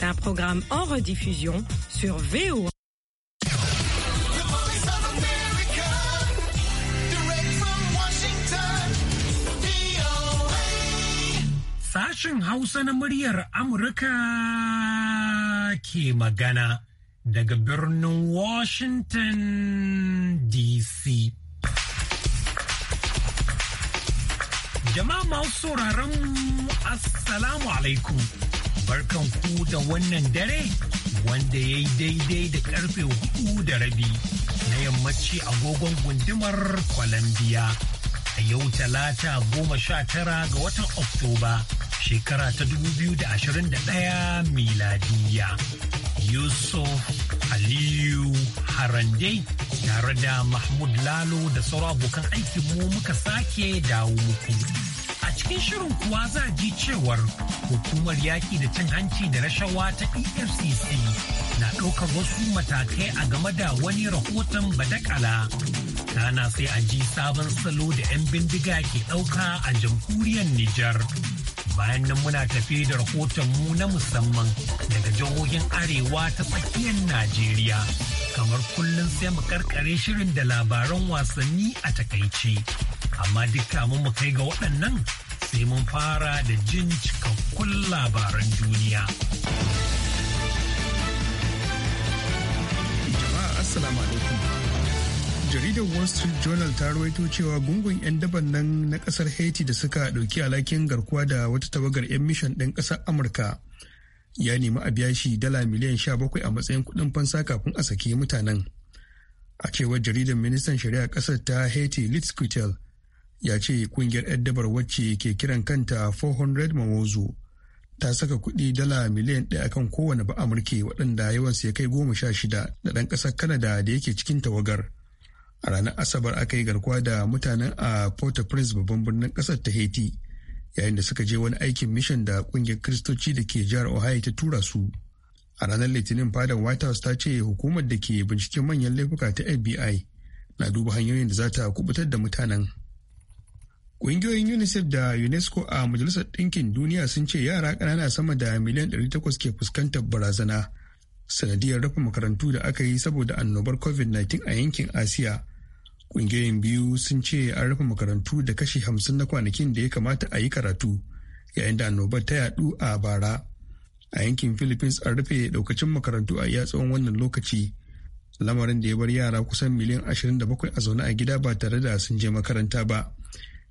d'un programme en rediffusion sur VO. Sashen Hausa na muryar Amurka ke magana daga birnin Washington DC. Jama'a masu sauraron Assalamu alaikum. barkan ku da wannan dare wanda ya yi daidai da karfe hudu da rabi na yammaci agogon gundumar kwalambiya a yau talata goma sha tara ga watan oktoba shekara ta da da 2021 miladiya yusuf aliyu harande tare da mahmud lalo da sauran abokan aikinmu muka sake dawo muku. cikin shirin kuwa za a ji cewar hukumar yaƙi da cin hanci da rashawa ta efcc na ɗaukar wasu matakai a game da wani rahoton badakala kana sai a ji sabon salo da 'yan bindiga ke ɗauka a jamhuriyar nijar bayan nan muna tafi da rahoton mu na musamman daga jihohin arewa ta tsakiyar najeriya kamar kullum sai mu karkare shirin da labaran wasanni a takaice amma duk mu kai ga waɗannan sai mun fara da jin cikakkun labaran duniya. Jama'a Assalamu alaikum. Jaridar Wall Street Journal ta rawaito cewa gungun 'yan daban nan na kasar Haiti da suka ɗauki alhakin garkuwa da wata tawagar 'yan mishan ɗin ƙasar Amurka ya nemi a biya shi dala miliyan 17 a matsayin kuɗin fansa kafin a saki mutanen. A cewar jaridar ministan shari'a ƙasar ta Haiti Litz Quitel, ya ce kungiyar 'yan dabar wacce ke kiran kanta 400 mamozu ta saka kuɗi dala miliyan ɗaya akan kowane ba amurke waɗanda yawansu ya kai goma sha shida da ɗan ƙasar kanada da yake cikin tawagar a ranar asabar aka yi garkuwa da mutanen a port-au-prince babban birnin ƙasar ta haiti yayin da suka je wani aikin mishan da ƙungiyar kiristoci da ke jihar ohio ta tura su a ranar litinin fadar white house ta ce hukumar da ke binciken manyan laifuka ta fbi na duba hanyoyin da za ta kubutar da mutanen Ƙungiyoyin UNICEF da UNESCO a Majalisar Ɗinkin Duniya sun ce yara ƙanana sama da miliyan 800 ke fuskantar barazana sanadiyar rufe makarantu da aka yi saboda annobar COVID-19 a yankin Asiya. Ƙungiyoyin biyu sun ce an rufe makarantu da kashi 50 na kwanakin da ya kamata a yi karatu yayin da annobar ta yadu a bara. A yankin Philippines an rufe ɗaukacin makarantu a iya tsawon wannan lokaci. Lamarin da ya bar yara kusan miliyan 27 a zaune a gida ba tare da sun je makaranta ba.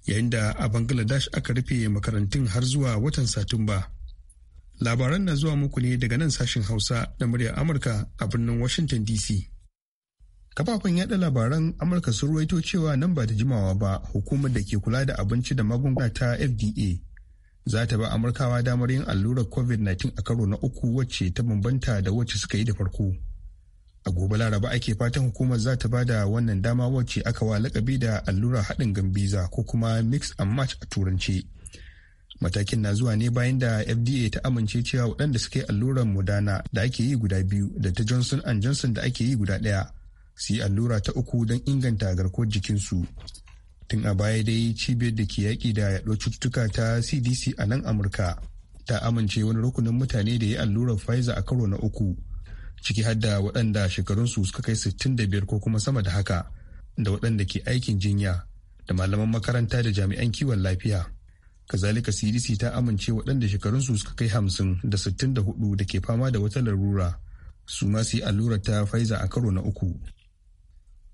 yayin da a bangladesh aka rufe makarantun har zuwa watan satumba labaran na zuwa muku ne daga nan sashen hausa da muryar amurka a birnin washington dc kafafen yada labaran amurka sun ruwaito cewa nan ba da jimawa ba hukumar da ke kula da abinci da magunguna ta fda za ta ba amurkawa damar yin allurar covid-19 a karo na uku wacce ta bambanta da wacce suka yi da farko a gobe laraba ake fatan hukumar za ta bada wannan dama wacce aka wa lakabi da allura haɗin gambiza ko kuma mix and match a turanci matakin na zuwa ne bayan da fda ta amince cewa waɗanda suka yi allurar modana da ake yi guda biyu da ta johnson and johnson da ake yi guda ɗaya su yi allura ta uku don inganta garkuwar jikinsu tun a baya dai cibiyar da ke yaƙi da yaɗo cututtuka ta cdc a nan amurka ta amince wani rukunin mutane da ya yi allurar pfizer a karo na uku ciki har da waɗanda shekarunsu suka kai 65 ko kuma sama da haka da waɗanda ke aikin jinya da malaman makaranta da jami'an kiwon lafiya kazalika cdc ta amince waɗanda shekarunsu suka kai hamsin da 64 da ke fama da wata larura su ma su yi allurar ta faiza a karo na uku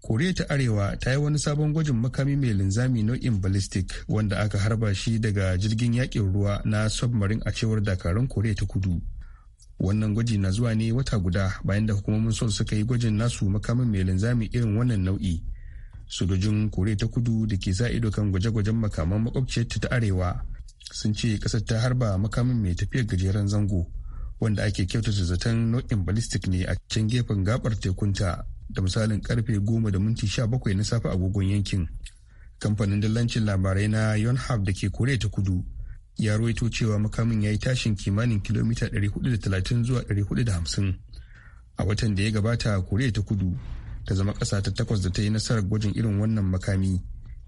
koriya ta arewa ta yi wani sabon gwajin makami mai linzami nau'in ballistic wanda aka harba shi daga jirgin yakin ruwa na submarine a cewar dakarun koriya ta kudu wannan gwaji na zuwa ne wata guda bayan da hukumomin sol suka yi gwajin nasu makamin mai linzami irin wannan nau'i sojojin koriya ta kudu da ke sa ido kan gwaje-gwajen makaman makwabciyarta ta arewa sun ce kasar ta harba makamin mai tafiyar gajeren zango wanda ake kyautata zaton nau'in ballistic ne a can gefen gabar tekunta da misalin karfe goma da minti bakwai na safe agogon yankin kamfanin dillancin labarai na yonhap da ke koriya ta kudu ya ruwaito cewa makamin ya yi tashin kimanin kilomita 430 zuwa 450 a watan da ya gabata koriya ta kudu ta zama ƙasa ta takwas da ta yi nasarar gwajin irin wannan makami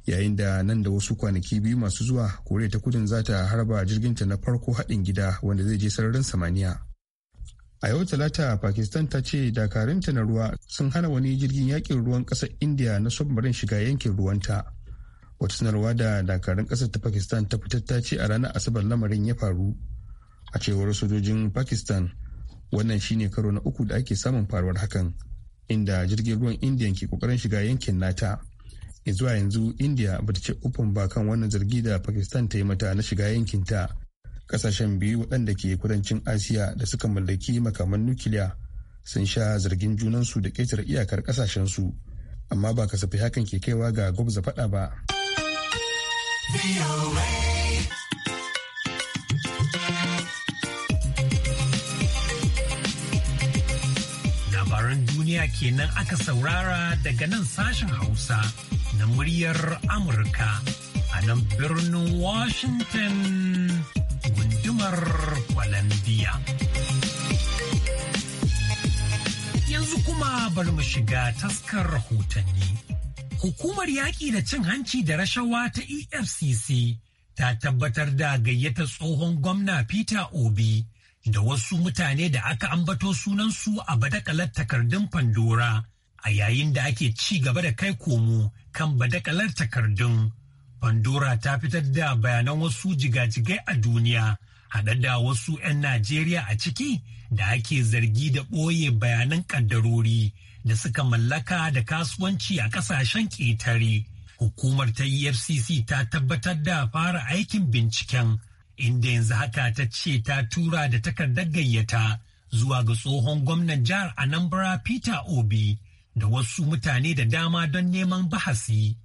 yayin da nan da wasu kwanaki biyu masu zuwa koriya ta kudin za ta harba jirginta na farko haɗin gida wanda zai je sararin samaniya a yau talata pakistan ta ce dakarunta na ruwa sun hana wani jirgin yakin ruwan ƙasar indiya na submarin shiga yankin ruwanta wata sanarwa da dakarun kasar ta pakistan ta fitar ta ce a ranar asabar lamarin ya faru a cewar sojojin pakistan wannan shine karo na uku da ake samun faruwar hakan inda jirgin ruwan indiya ke kokarin shiga yankin nata in zuwa yanzu india bata ce ufin ba kan wannan zargi da pakistan ta yi mata na shiga yankin ta kasashen biyu waɗanda ke kudancin asiya da suka mallaki makaman nukiliya sun sha zargin junansu da ƙetare iyakar su amma ba kasafi hakan ke kaiwa ga gwabza faɗa ba. Labaran duniya kenan aka saurara daga nan sashen Hausa na muryar Amurka a nan birnin Washington gundumar Columbia. Yanzu kuma bari mu shiga taskar rahotanni. Hukumar yaƙi da cin hanci da rashawa ta EFCC ta tabbatar da gayyata tsohon gwamna Peter Obi da wasu mutane da aka ambato sunansu a badakalar takardun Pandora a yayin da ake ci gaba da kai komo kan badakalar takardun. Pandora ta fitar da bayanan wasu jigajigai a duniya haɗa da wasu 'yan Najeriya a ciki da ake zargi da ɓoye bayanan ƙaddarori da suka mallaka da kasuwanci a kasashen ƙetare. Hukumar ta EFCC ta tabbatar da fara aikin binciken inda yanzu haka ta ce ta tura da takardar gayyata zuwa ga tsohon gwamnan jihar Anambra Peter Obi da wasu mutane da dama don neman bahasi.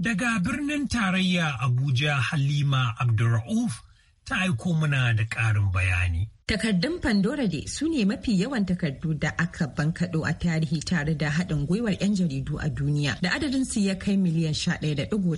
Daga birnin tarayya Abuja Halima Abdulra'uf ta aiko muna da ƙarin bayani. Takardun Pandora dai su ne mafi yawan takardu da aka bankaɗo a tarihi tare da haɗin gwiwar 'yan jaridu a duniya da adadin su ya kai miliyan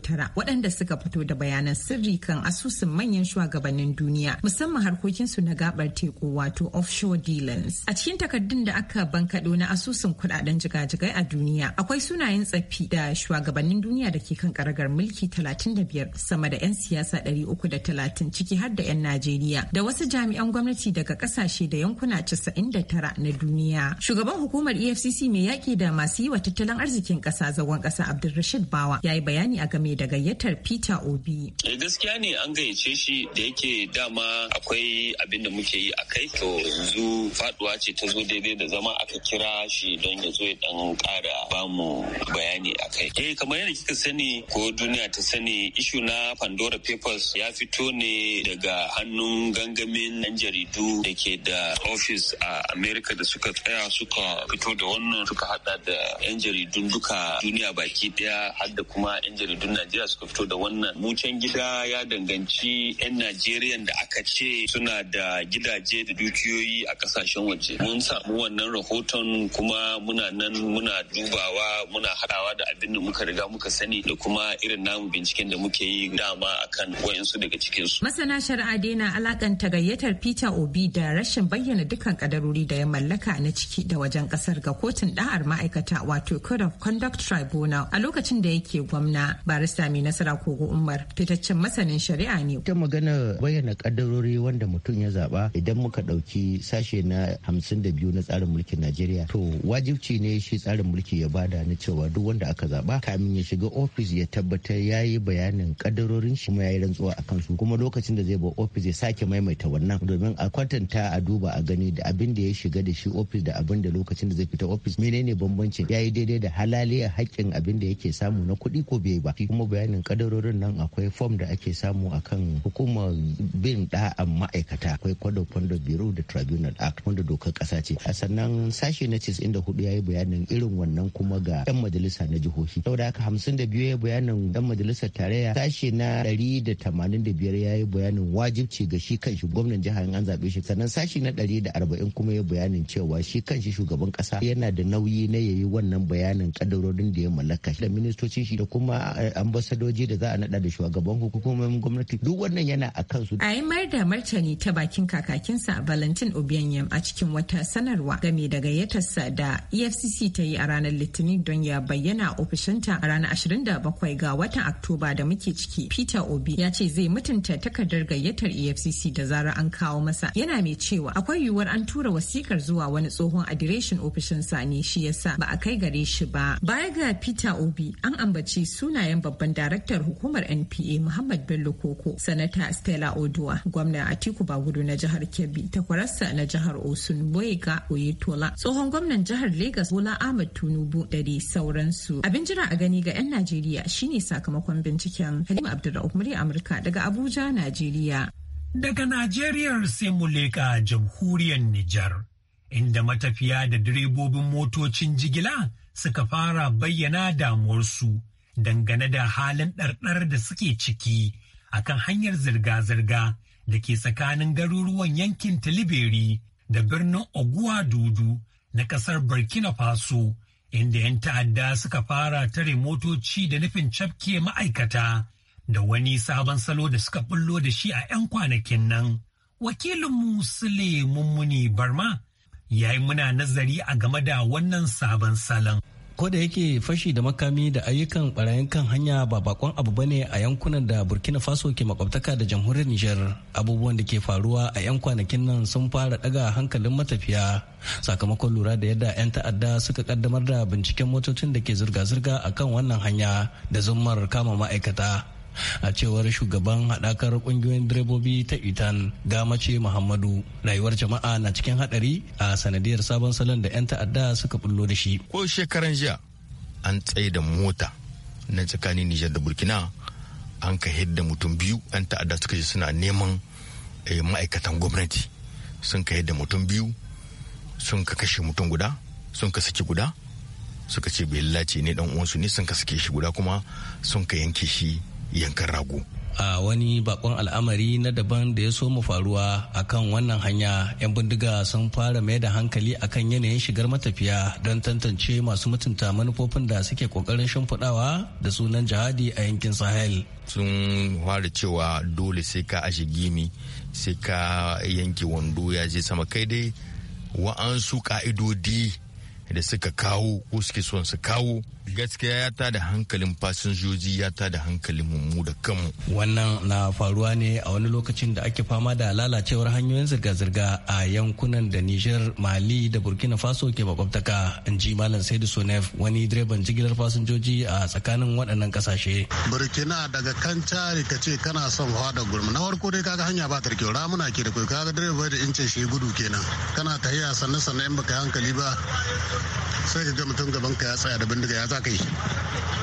tara waɗanda suka fito da bayanan sirri kan asusun manyan shugabannin duniya musamman harkokin su na gabar teku wato offshore dealings. A cikin takardun da aka bankaɗo na asusun kuɗaɗen jigajigai a duniya akwai sunayen tsaffi da shugabannin duniya da ke kan karagar mulki 35 sama da 'yan siyasa 330 ciki har da 'yan Najeriya da wasu jami'an gwamnati da daga kasashe da yankuna 99 na duniya. Shugaban hukumar EFCC mai yaƙi da masu yi wa tattalin arzikin ƙasa zagon ƙasa Abdulrashid Bawa ya yi bayani a game da gayyatar Peter Obi. Eh, gaskiya ne an gayyace shi da yake dama akwai abin da muke yi a kai to yanzu faduwa ce ta zo daidai da zama aka kira shi don ya zo ya dan ƙara mu bayani a kai. Eh kamar yadda kika sani ko duniya ta sani ishu na Pandora Papers ya fito ne daga hannun gangamin 'yan jaridu da ke da ofis a Amerika da suka tsaya suka fito da wannan suka hada da 'yan jaridun duka duniya baki daya har da kuma 'yan jaridun Najeriya suka fito da wannan. Mucen gida ya danganci 'yan Najeriya da aka ce suna da gidaje da dukiyoyi a kasashen waje. Mun samu wannan rahoton kuma muna nan muna dubawa muna haɗawa da abin da muka riga muka sani da kuma irin namu binciken da muke yi dama akan wayansu daga cikinsu. Masana shari'a daina alakanta gayyatar Peter Obi da rashin bayyana dukkan kadarori da ya mallaka na ciki da wajen kasar ga kotun da'ar ma'aikata wato code of conduct tribunal a lokacin da yake gwamna barista mai nasara kogo umar fitaccen masanin shari'a ne ta magana bayyana kadarori wanda mutum ya zaba idan muka dauki sashe na hamsin da biyu na tsarin mulkin najeriya to wajibci ne shi tsarin mulki ya bada na cewa duk wanda aka zaba kamin ya shiga ofis ya tabbatar ya yi bayanin kadarorin shi kuma ya yi rantsuwa a kansu, kuma lokacin da zai ba ofis ya sake maimaita wannan domin akwai kwatanta a duba a gani da abin da ya shiga da shi ofis da abin da lokacin da zai fita ofis menene bambancin ya yi daidai da a haƙƙin abin da yake samu na kuɗi ko bai ba kuma bayanin kadarorin nan akwai fom da ake samu a kan hukumar bin da'an ma'aikata akwai kwado fondo biro da tribunal act wanda dokar ƙasa ce a sannan sashe na da hudu ya yi bayanin irin wannan kuma ga yan majalisa na jihohi saboda haka hamsin da biyu ya yi bayanin yan majalisar tarayya sashe na ɗari da tamanin da biyar ya yi bayanin wajibci ga shi kan shi gwamnan jihar an zaɓe shi sannan sashi na ɗari da arba'in kuma ya bayanin cewa shi kanshi shugaban kasa yana da nauyi na yayi wannan bayanin kadarorin da ya mallaka da ministocin shi da kuma eh, ambasadoji da za a naɗa da shugaban hukumomin gwamnati duk wannan yana a kansu. A yi mayar da martani ta bakin kakakinsa Valentin Obianyam a cikin wata sanarwa game da gayyatarsa da EFCC ta yi a ranar Litinin don ya bayyana ofishinta a ranar 27 ga watan Oktoba da muke ciki. Peter Obi ya ce zai mutunta takardar gayyatar EFCC da zarar an kawo masa. yana mai cewa akwai yiwuwar an tura wasikar zuwa wani tsohon adireshin ofishin sa ne shi yasa ba a kai gare shi ba baya ga peter obi an ambaci sunayen babban daraktar hukumar npa muhammad bello koko sanata stella oduwa gwamna atiku bagudu na jihar kebbi Takwarassa na jihar osun boyega oyetola tsohon gwamnan jihar Legas bola ahmad tunubu da dai sauransu abin jira a gani ga 'yan najeriya shine sakamakon binciken halima abdulrahman murya amurka daga abuja najeriya Daga Najeriya sai mu leƙa jamhuriyar Nijar, inda matafiya da direbobin motocin jigila suka fara bayyana damuwarsu dangane da halin ɗarɗar da suke ciki a kan hanyar zirga-zirga da ke tsakanin garuruwan yankin Taliberi da birnin Oguwa Dudu na ƙasar Burkina Faso, inda 'yan ta'adda suka fara tare motoci da nufin cafke ma'aikata da wani sabon salo da suka bullo da shi a 'yan kwanakin nan. wakilin Musule Mummuni Barma ya yi muna nazari a game da wannan sabon salon. Ko da yake fashi da makami da ayyukan barayin kan hanya ba bakon abu bane a yankunan da Burkina Faso ke makwabtaka da jamhuriyar Nijar abubuwan da ke faruwa a 'yan kwanakin nan sun fara daga hankalin matafiya sakamakon lura da yadda 'yan ta'adda suka kaddamar da binciken motocin da ke zirga-zirga kan wannan hanya da zummar kama ma'aikata. a cewar shugaban haɗakar ƙungiyoyin direbobi ta itan gamace muhammadu rayuwar jama'a na cikin haɗari a sanadiyar sabon salon da 'yan ta'adda suka bullo da shi ko shekaran jiya an tsaye da mota na tsakanin nijar da burkina an ka da mutum biyu 'yan ta'adda suka ji suna neman eh, ma'aikatan gwamnati sun ka da mutum biyu sun ka kashe mutum guda sun ka saki guda suka ce bai lalace ne dan uwansu ne sun ka sake shi guda kuma sun ka yanke shi yankan rago a wani bakon al'amari na daban da ya so mu faruwa akan wannan hanya 'yan bindiga sun fara mai da hankali a kan yanayin shigar matafiya don tantance masu mutunta manufofin da suke kokarin shimfiɗawa da sunan jihadi a yankin sahel sun fara cewa dole sai ka ashe gimi sai ka yanke wando ya je sama kai dai wa'ansu ka'idodi da suka kawo ko suke son su kawo gaskiya ya tada hankalin fasinjoji ya tada hankalin mu da kanmu wannan na faruwa ne a wani lokacin da ake fama da lalacewar hanyoyin zirga-zirga a yankunan da niger mali da burkina faso ke makwabtaka in ji malam saidu sonef wani direban jigilar fasinjoji a tsakanin waɗannan kasashe. burkina daga kan cari ka ce kana son hawa da gurmi na farko dai kaga hanya ba ta kyau ramuna ke da kai kaga direba da incin shi gudu kenan kana tahiya sannan sannan in baka hankali ba sai ka ga mutum gaban ka ya tsaya da bindiga ya za ka yi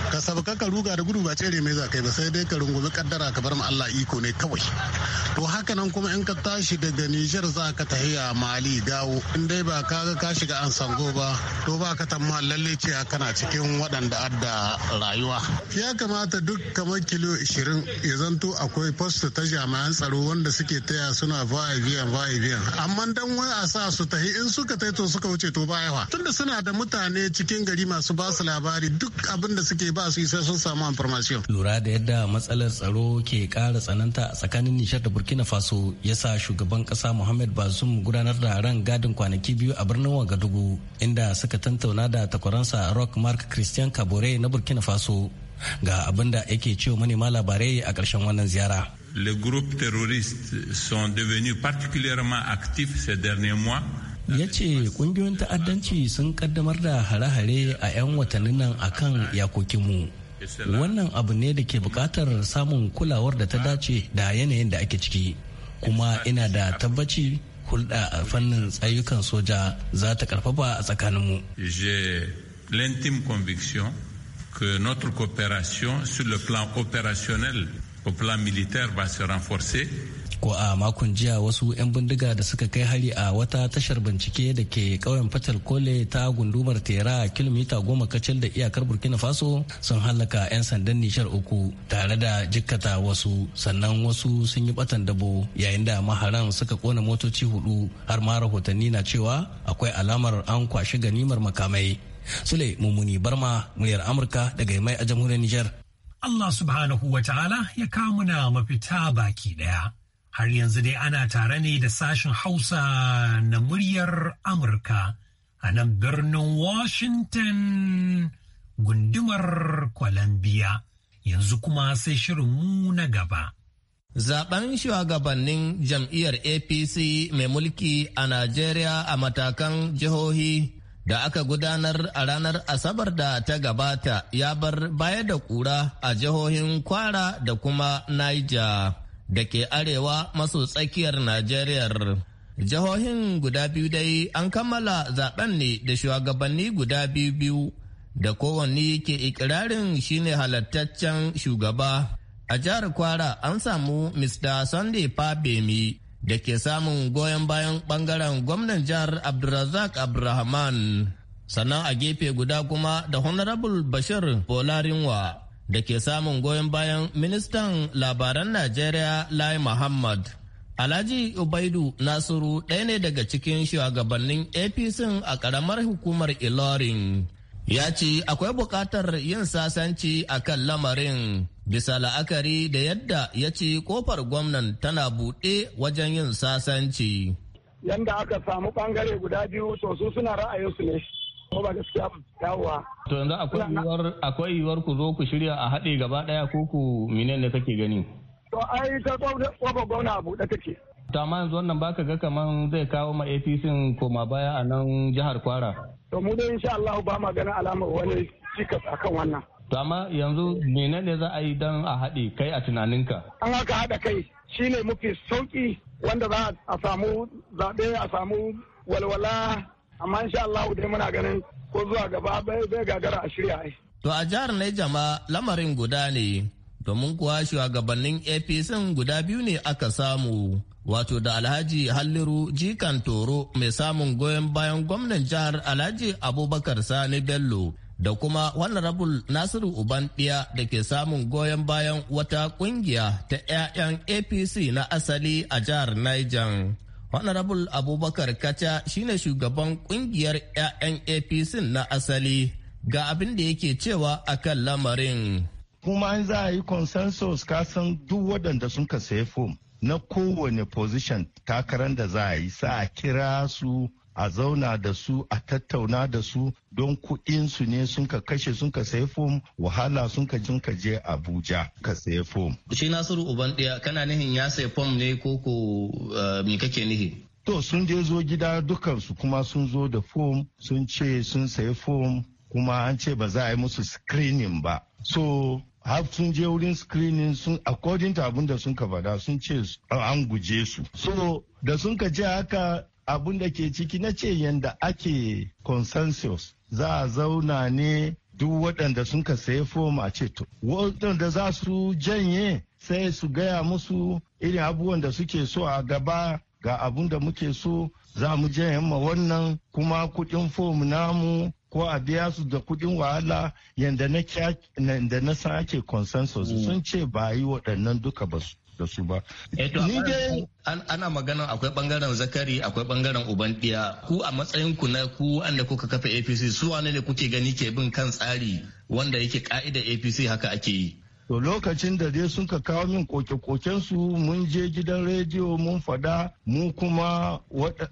ka sabu ka ruga da gudu ba cere mai za kai ba sai dai ka rungumi kaddara ka bar ma Allah iko ne kawai to haka nan kuma in ka tashi daga Nijar za ka a Mali gawo in dai ba ka ga ka shiga an sango ba to ba ka tamma lalle ce kana cikin waɗanda adda rayuwa ya kamata duk kamar kilo 20 ya zanto akwai post ta jami'an tsaro wanda suke taya suna vaya biyan vaya biyan amma dan wai a sa su tahi in suka tai to suka wuce to ba yawa. tunda suna da mutane cikin gari masu ba su labari duk abin da suke ba su yi sai sun samu information. Lura da yadda matsalar tsaro ke ƙara tsananta a tsakanin Nishar da Burkina Faso ya sa shugaban ƙasa Muhammad Bazoum gudanar da ran gadin kwanaki biyu a birnin Wagadugu inda suka tantauna da takwaransa Rock Mark Christian Kabore na Burkina Faso ga abinda da yake cewa manema labarai a ƙarshen wannan ziyara. Les groupes terroristes sont devenus particulièrement actifs ces derniers mois ya ce kungiyoyin ta'addanci sun kaddamar da hare-hare a 'yan watannin nan akan yakokinmu wannan abu ne da ke bukatar samun kulawar da ta dace da yanayin da ake ciki kuma ina da tabbaci hulɗa a fannin tsayukan soja za ta karfafa a tsakaninmu que notre coopération sur le plan opérationnel au plan militaire va se renforcer ko a makon jiya wasu 'yan bindiga da suka kai hari a wata tashar bincike da ke kauyen fatal kole ta gundumar tera kilomita goma kacal da iyakar burkina faso sun hallaka 'yan sandan nishar uku tare da jikkata wasu sannan wasu sun yi batan dabo yayin da maharan suka kona motoci hudu har ma rahotanni na cewa akwai alamar an kwashi ganimar makamai sule mummuni barma muryar amurka daga mai a jamhuriyar nijar Allah subhanahu wa ta'ala ya kamuna mafita baki daya. Har yanzu dai ana tare ne da sashen Hausa na muryar Amurka a nan birnin Washington gundumar Columbia. Yanzu kuma sai shirin mu na gaba. Zaben shugabannin jam'iyyar APC mai mulki a Najeriya a matakan jihohi da aka gudanar a ranar Asabar da ta gabata ya bar baya da kura a jihohin Kwara da kuma Niger. da ke arewa maso tsakiyar Najeriya. Jihohin guda biyu dai an kammala zaben ne da shugabanni guda biyu biyu da kowanne ke ikirarin shine halattaccen shugaba. A jihar Kwara an samu Mr. Sunday Fabemi da ke samun goyon bayan bangaren gwamnan jihar Abdulrazak Abdulrahman. Sannan a gefe guda kuma da Honorable Bashir Bolarinwa da ke samun goyon bayan ministan labaran Najeriya Lai Muhammad. Alhaji Ubaidu Nasiru ɗaya ne daga cikin shugabannin APC a ƙaramar hukumar Ilorin. Ya ce akwai buƙatar yin sasanci a kan lamarin bisa la'akari da yadda ya ce kofar gwamnan tana buɗe wajen yin sasanci. Yanda aka samu ɓangare guda biyu sosu suna ra'ayinsu ne. ko ba gaskiya yawa to yanzu akwai yiwuwar akwai yiwuwar ku zo ku shirya a haɗe gaba ɗaya ko ku menene kake gani to ai ta kwaba gwamna abu da kake to amma yanzu wannan baka ga kaman zai kawo ma APC koma baya a nan jihar Kwara to mu dai insha Allah ba ma ganin alamar wani cikas akan wannan to amma yanzu menene za a yi dan a haɗe kai a tunaninka an haka haɗa kai shine mafi sauki wanda za a samu zaɓe a samu walwala amma insha Allah dai muna ganin ko zuwa gaba bai gagara a shirya ai. To a jihar Neja ma lamarin guda ne domin kuwa shugabannin APC guda biyu ne aka samu wato da Alhaji Halliru Jikan Toro mai samun goyon bayan gwamnan jihar Alhaji Abubakar Sani Bello da kuma rabul Nasiru uban ɗiya da ke samun goyon bayan wata kungiya ta 'ya'yan APC na asali a jihar Niger. honorable abubakar kacha shine shugaban kungiyar 'ya'yan apc na asali ga abin da yake cewa akan lamarin kuma an za a yi consensus kasan duk waɗanda sun ka sayi fom na kowane position takarar da za a yi sa a kira su a zauna da su a tattauna da su don kuɗinsu su ne sun ka kashe sun ka sayi fom wahala sun ka jin ka je abuja ka sayi fom. shi nasiru uban ɗaya kana nihin ya sayi fom ne ko ko eh, me kake nihi. to sun je zo gida dukansu kuma sun zo da fom sun ce sun sayi fom kuma an ce ba za a yi musu screening ba so har sun je wurin screening sun according to abin da sun ka faɗa sun ce an guje su so da sun ka ce haka abun da ke ciki na ce yadda ake consensus za a zauna ne duk waɗanda sun ka saye fom a ceto waɗanda za su janye sai su gaya musu irin abubuwan da suke so a gaba ga abun da muke so za mu janye ma wannan kuma kuɗin fom namu ko a biya su da kuɗin wahala yadda na sake ake consensus mm. sun ce ba yi waɗannan duka ba su da su ba. Eh, ana magana akwai bangaren zakari akwai bangaren uban ɗiya ku a matsayin ku na ku wanda kuka kafa apc su wane ne kuke gani ke bin kan tsari wanda yake ka'ida apc haka ake yi. to lokacin da dai sun ka kawo min koke-koken su mun je gidan rediyo mun fada mu kuma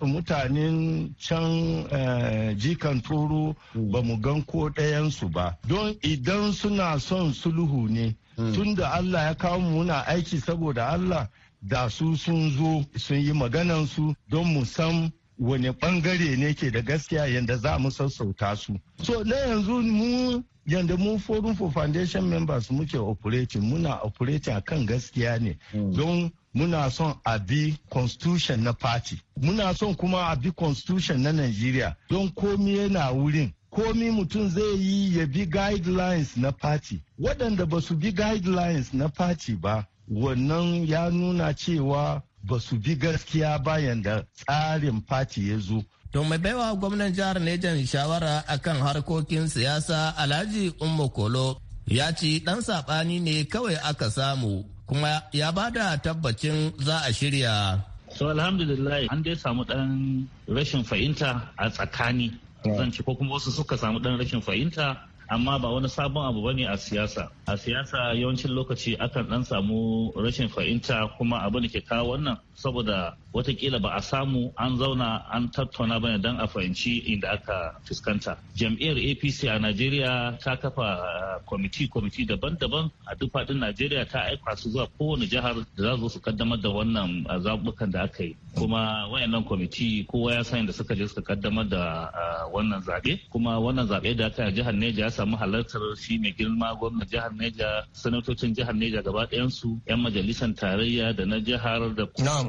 mutanen can eh, jikan turu ba mu gan ko ɗayansu ba don idan suna son sulhu ne Mm. tun da Allah ya kawo mu muna aiki saboda Allah da su sun zo sun yi maganansu don mu san wani bangare ne ke da gaskiya yadda za mu sassauta su. So na yanzu mu yadda mu forum for foundation members muke operating muna operating a kan gaskiya ne mm. don muna son a bi constitution na party muna son kuma a bi constitution na Nigeria don komi yana wurin komi mutum zai yi ya bi guidelines na party waɗanda ba su bi guidelines na party ba wannan ya nuna cewa ba su bi gaskiya bayan da tsarin party ya zo. To mai baiwa gwamnan jihar Nejan shawara akan harkokin siyasa Alhaji Umma Kolo ya ci ɗan saɓani ne kawai aka samu kuma ya ba da tabbacin za a shirya. So alhamdulillah an dai samu ɗan rashin fahimta a tsakani zan ci ko kuma wasu suka samu ɗan rashin fahimta amma ba wani sabon abu bane a siyasa a siyasa yawancin lokaci akan ɗan samu rashin fahimta kuma abin da ke kawo wannan saboda watakila ba a samu an zauna an tattauna ba don a fahimci inda aka fuskanta jam'iyyar apc a najeriya ta kafa uh, kwamiti kwamiti daban-daban a duk faɗin najeriya ta aika su zuwa kowane jihar da za su kaddamar da wannan uh, zaɓuɓɓukan da aka yi kuma wayannan kwamiti kowa ya san da suka je suka kaddamar da uh, wannan zaɓe kuma wannan zaɓe da aka yi a jihar neja ya samu halartar shi mai girma gwamnan jihar neja sanatocin jihar neja gaba ɗayansu 'yan majalisar tarayya da na jihar da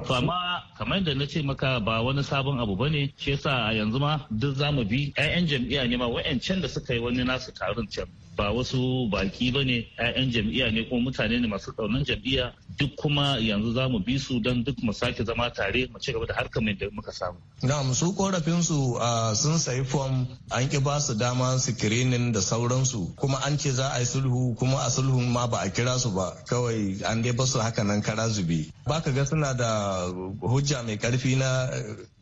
To kamar da na ce maka ba wani sabon abu ba ne shi yasa a yanzu ma duk zamu bi 'ya'yan jam'iyya ne ma wa'yancan da suka yi wani nasu taron can ba wasu baki ba ne 'ya'yan jam'iyya ne ko mutane ne masu tsaunin jam'iyya duk kuma yanzu za mu bi su don duk mu sake zama tare mu ci gaba da harkar mai da muka samu. Na su korafin su sun sayi fom an ki ba su dama sikirinin da sauransu kuma an ce za a yi sulhu kuma a sulhun ma ba a kira su ba kawai an dai basu haka nan kara zube. ka ga suna da hujja mai karfi na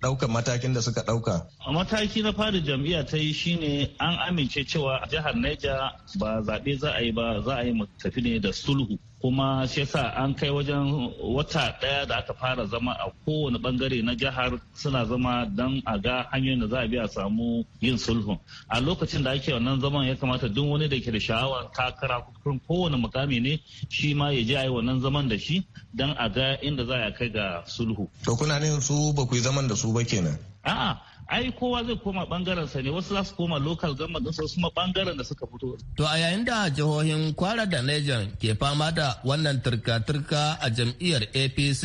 ɗaukan matakin da suka ɗauka? mataki na fari jam'iyya ta yi shine an amince cewa jihar Neja ba zaɓe za a yi ba za a yi tafi ne da sulhu kuma shi yasa an kai wajen wata ɗaya da aka fara zama a kowane bangare na jihar suna zama don a ga hanyoyin da za a bi a samu yin sulhu a lokacin da ake wannan zaman ya kamata duk wani da ke da sha'awar takara kukurin kowane mukami ne shi ma ya je a yi wannan zaman da shi don a ga inda za a kai ga sulhu. to kuna ne su ba ku yi zaman da su ba kenan. a'a ai kowa zai koma bangaren sa ne wasu za su koma local government din su kuma bangaren da suka fito to a yayin da jihohin Kwara da Niger ke fama da wannan turka-turka a jam'iyyar APC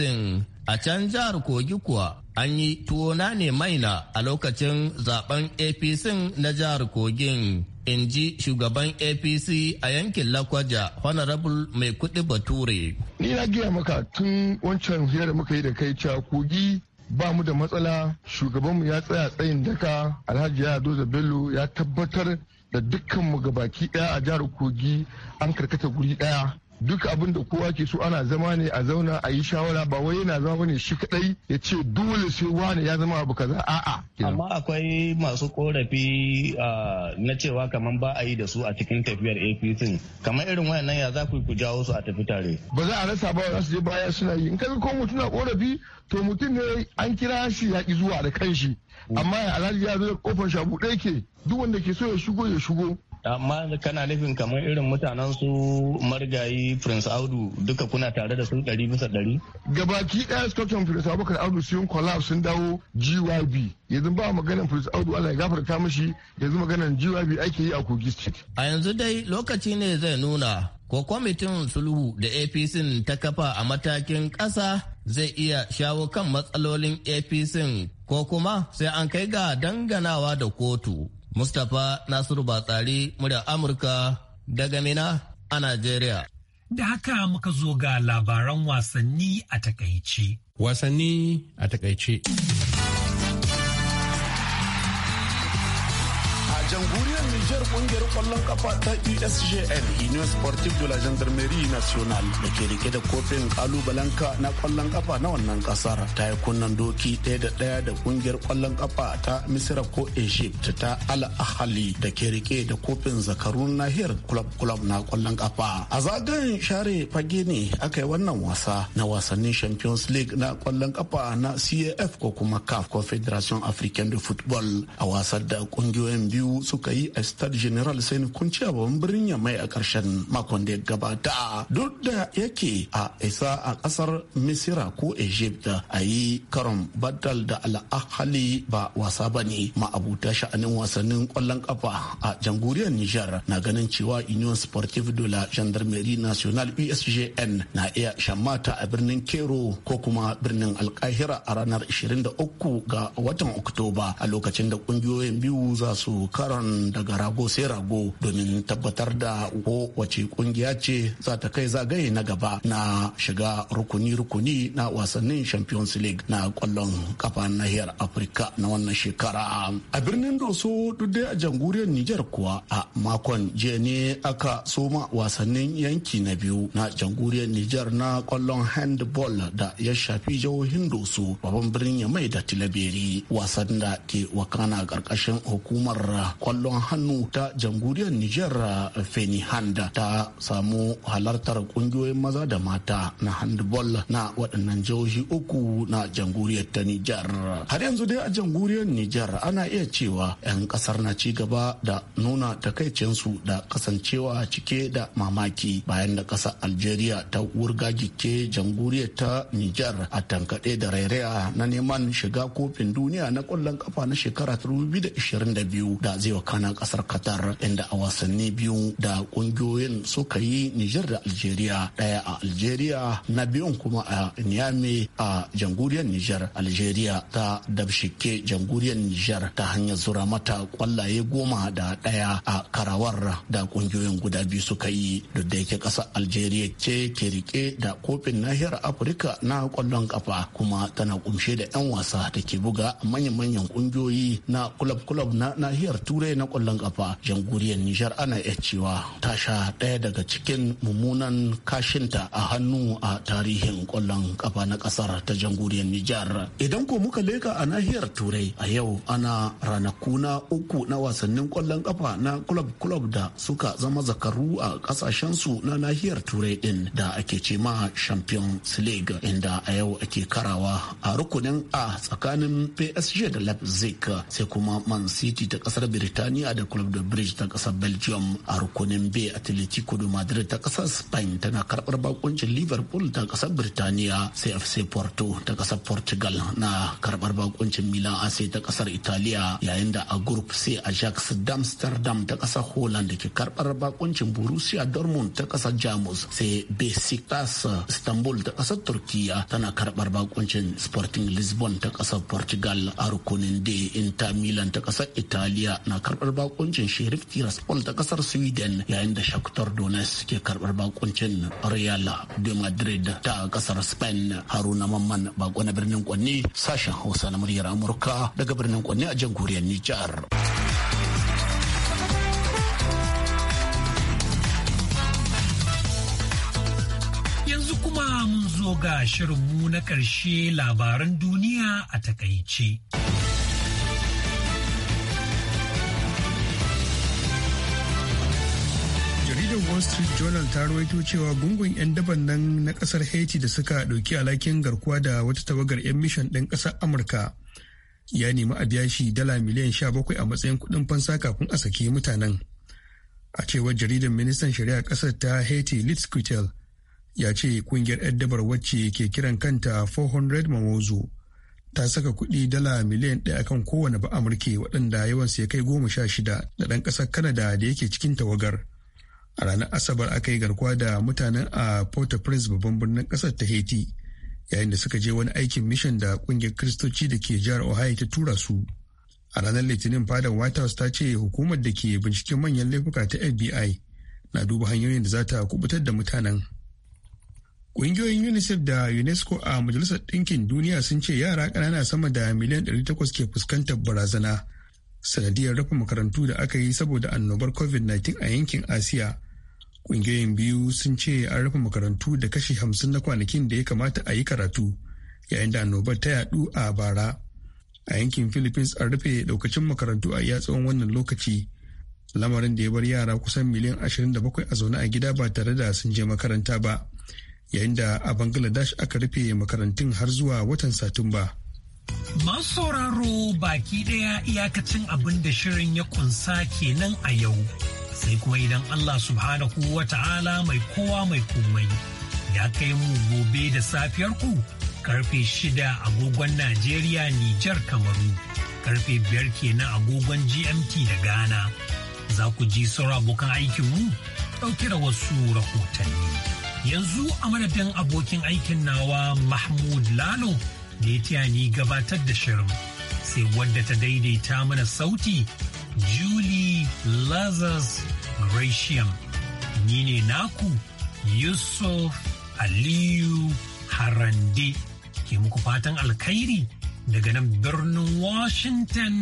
a can jihar Kogi kuwa an yi tuwo na ne maina a lokacin zaben APC na jihar Kogin in ji shugaban apc a yankin lakwaja honorable mai kudi bature ni na giya maka tun wancan hira da muka yi da kai cakogi. kogi ba mu da matsala shugabanmu ya tsaya tsayin daka alhaji ya doza bello ya tabbatar da dukkanmu ga baki daya a jihar kogi an karkata guri daya duk abin da kowa ke so ana zama ne a zauna a yi shawara ba wai yana zama ne shi kadai ya ce dole sai wani ya zama abu kaza a'a amma akwai masu korafi na cewa kamar ba a yi da su a cikin tafiyar APC kamar irin wayannan ya za ku ku jawo su a tafi tare ba za a rasa ba za su je baya suna yi in ka ko mutum na korafi to mutum ne an kira shi ya zuwa da kanshi mm. amma ya alhaji ya zo da kofar shabu ɗaya ke duk wanda ke so ya shigo ya shigo amma kana nufin kamar irin mutanen su margayi prince audu duka kuna tare da sun ɗari bisa ɗari gabaki ɗaya scotland prince abubakar audu sun collapse sun dawo gyb yanzu ba maganar prince audu allah ya gafarta mashi yanzu maganar gyb ake yi a kogi street. a yanzu dai lokaci ne zai nuna ko kwamitin sulhu da apc ta kafa a matakin ƙasa zai iya shawo kan matsalolin apc ko kuma sai an kai ga danganawa da kotu Mustapha Nasiru Batsari murya Amurka daga Mina a Najeriya. Da haka muka zo ga labaran wasanni a takaice. Wasanni a takaice. jamhuriyar Nijar kungiyar kwallon kafa ta esjl Union Sportive de la Gendarmerie Nationale da ke rike da kofin kalubalenka na kwallon kafa na wannan kasar ta yi kunnan doki ɗaya da ɗaya da kungiyar kwallon kafa ta Misira ko Egypt ta Al Ahali da ke rike da kofin zakarun nahiyar club club na kwallon kafa. A zagayen share fage ne aka yi wannan wasa na wasannin Champions League na kwallon kafa na CAF ko kuma CAF Confederation African de Football a wasar da kungiyoyin biyu suka yi a stade general sai kunci a babban birnin yamai a karshen makon da ya gabata duk da yake a isa a kasar misira ko egypt a yi karon badal da al'ahali ba wasa ba ne ma'abuta sha'anin wasannin kwallon kafa a jamhuriyar niger na ganin cewa union sportive de la gendarmerie nationale usgn na iya shammata a birnin kero ko kuma birnin alkahira a ranar 23 ga watan oktoba a lokacin da kungiyoyin biyu za su kara tsarin daga rago sai rago domin tabbatar da ko wace kungiya ce za ta kai zagaye na gaba na shiga rukuni-rukuni na wasannin champions league na kwallon kafa nahiyar afirka na wannan shekara a birnin doso duk dai a jamhuriyar niger kuwa a makon jiya ne aka soma wasannin yanki na biyu na jamhuriyar niger na kwallon handball da ya shafi jihohin doso babban birnin ya mai da tilaberi wasan da ke wakana karkashin hukumar kwallon hannu ta jamhuriyar Nijar Feni Handa ta samu halartar kungiyoyin maza da mata na handball na waɗannan jihohi uku na jamhuriyar ta Nijar. Har yanzu dai a jamhuriyar Nijar ana iya cewa 'yan ƙasar na ci gaba da nuna takaicinsu da kasancewa cike da mamaki bayan da ƙasar Algeria ta wurga gike jamhuriyar ta Nijar a tankaɗe da rairaya na neman shiga kofin duniya na ƙwallon ƙafa na shekara 2022 da zai wakana kasar qatar inda a wasanni biyu da kungiyoyin suka yi niger da algeria daya a algeria na biyun kuma a niamey a jamhuriyar niger algeria ta dabshike jamhuriyar niger ta hanyar zura mata kwallaye goma da daya a karawar da kungiyoyin guda biyu suka yi duk da yake kasar algeria ce ke rike da kofin nahiyar afirka na kwallon kafa kuma tana kumshe da 'yan wasa da ke buga manya-manyan kungiyoyi na kulab-kulab na nahiyar turai na kwallon kafa jamhuriyar nijar ana iya cewa ta sha ɗaya daga cikin mummunan kashinta a hannu a tarihin kwallon kafa na ƙasar ta jamhuriyar nijar idan ko muka leka a nahiyar turai a yau ana ranaku na uku na wasannin kwallon kafa na club club da suka zama zakaru a ƙasashensu na nahiyar turai din da ake ce ma champions league inda a yau ake karawa a rukunin a tsakanin psg da leipzig sai kuma man city ta ƙasar birtaniya da club de bridge ta kasar belgium a rukunin b atletico de madrid ta kasar spain tana karbar bakuncin liverpool ta kasar birtaniya sai fc porto ta kasar portugal na karbar bakuncin milan ac ta kasar italiya yayin da a group c ajax amsterdam ta kasar holland ke karbar bakuncin borussia dortmund ta kasar jamus sai besiktas istanbul ta kasar turkiya tana karbar bakuncin sporting lisbon ta kasar portugal a rukunin d inter milan ta kasar italiya na karbar bakuncin sheriff tiraspol ta kasar sweden yayin da shakhtar donetsk ke karbar bakuncin real de madrid ta kasar spain haruna mamman bako na birnin kwanne sashen hausa na muryar amurka daga birnin kwanne a jamhuriyar nijar yanzu kuma mun zo ga shirinmu na ƙarshe labaran duniya a takaice. wall street journal ta rawaito cewa gungun 'yan daban nan na kasar haiti da suka ɗauki alakin garkuwa da wata tawagar 'yan mishan ɗin kasar amurka ya nemi a biya shi dala miliyan 17 a matsayin kuɗin fansa kafin a sake mutanen a cewar jaridar ministan shari'a kasar ta haiti litz kutel ya ce kungiyar 'yan dabar wacce ke kiran kanta 400 mawozo ta saka kuɗi dala miliyan ɗaya akan kowane ba amurke waɗanda yawan ya kai goma sha shida da ɗan ƙasar kanada da yake cikin tawagar a ranar asabar aka yi garkuwa da mutanen a port-au-prince babban birnin kasar ta haiti yayin da suka je wani aikin mishan da kungiyar kristoci da ke jihar ohio ta tura su a ranar litinin fadar white house ta ce hukumar da ke binciken manyan laifuka ta fbi na duba hanyoyin da za ta kubutar da mutanen Ƙungiyoyin UNICEF da UNESCO a Majalisar Ɗinkin Duniya sun ce yara ƙanana sama da miliyan 800 ke fuskantar barazana sanadiyar rufe makarantu da aka yi saboda annobar COVID-19 a yankin Asiya Ƙungiyoyin biyu sun ce an rufe makarantu da kashi hamsin na kwanakin da ya kamata a yi karatu yayin da annobar ta yadu a bara. A yankin Philippines an rufe ɗaukacin makarantu a iya tsawon wannan lokaci. Lamarin da ya bar yara kusan miliyan bakwai a zaune a gida ba tare da sun je makaranta ba. Yayin da a Bangladesh aka rufe makarantun har zuwa watan Satumba. Masu sauraro baki ɗaya iyakacin abin da shirin ya kunsa kenan a yau. sai kuma idan Allah subhanahu wa ta'ala mai kowa mai komai ya kai mu gobe da safiyar ku karfe shida agogon Najeriya Nijar Kamaru karfe biyar kenan agogon GMT da Ghana za ku ji sauran abokan aikin mu ɗauke da wasu rahotanni. Yanzu a madadin abokin aikin nawa Mahmud Lalo da ya ni gabatar da shirin sai wadda ta daidaita mana sauti Julie Lazarus Gratiam. Ni ne naku Yusuf Aliyu Harande ke muku fatan alkhairi daga nan birnin Washington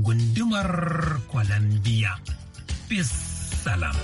gundumar Columbia. Peace salam.